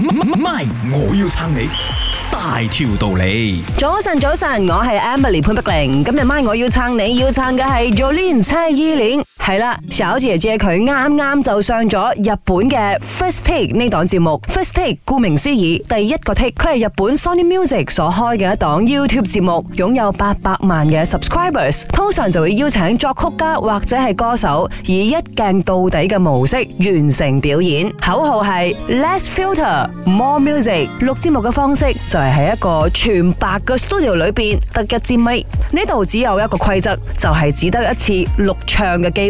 MY，我要撐你，大條道理。早晨早晨，我係 Emily 潘碧玲，今日 MY 我要撐你，要撐嘅係 Jolin 蔡依林。係啦，小姐姐佢啱啱就上咗日本嘅 First Take 呢檔節目。First Take 顧名思義，第一個 take，佢係日本 Sony Music 所開嘅一檔 YouTube 節目，擁有八百萬嘅 Subscribers。通常就會邀請作曲家或者係歌手，以一鏡到底嘅模式完成表演。口號係 Less Filter More Music。錄節目嘅方式就係、是、喺一個全白嘅 studio 裏邊得一支 mic。呢度只有一個規則，就係、是、只得一次錄唱嘅機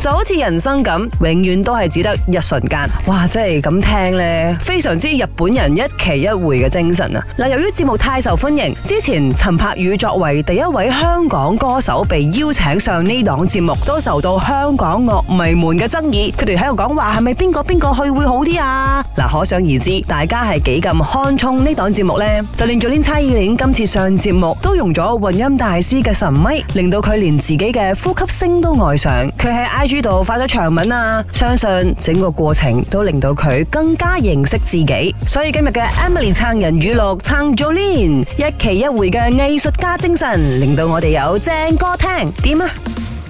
就好似人生咁，永遠都係只得一瞬間。哇！真係咁聽呢，非常之日本人一期一會嘅精神啊！嗱，由於節目太受歡迎，之前陳柏宇作為第一位香港歌手被邀請上呢檔節目，都受到香港樂迷們嘅爭議。佢哋喺度講話係咪邊個邊個去會好啲啊？嗱，可想而知大家係幾咁看重呢檔節目呢，就連 Jolin 蔡依林今次上節目都用咗混音大師嘅神咪，令到佢連自己嘅呼吸聲都外上。佢係喺度發咗長文啊！相信整個過程都令到佢更加認識自己，所以今日嘅 Emily 撐人語錄，撐 Jolin 一期一會嘅藝術家精神，令到我哋有正歌聽，點啊？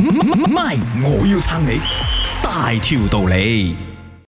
唔係，我要撐你大條道理。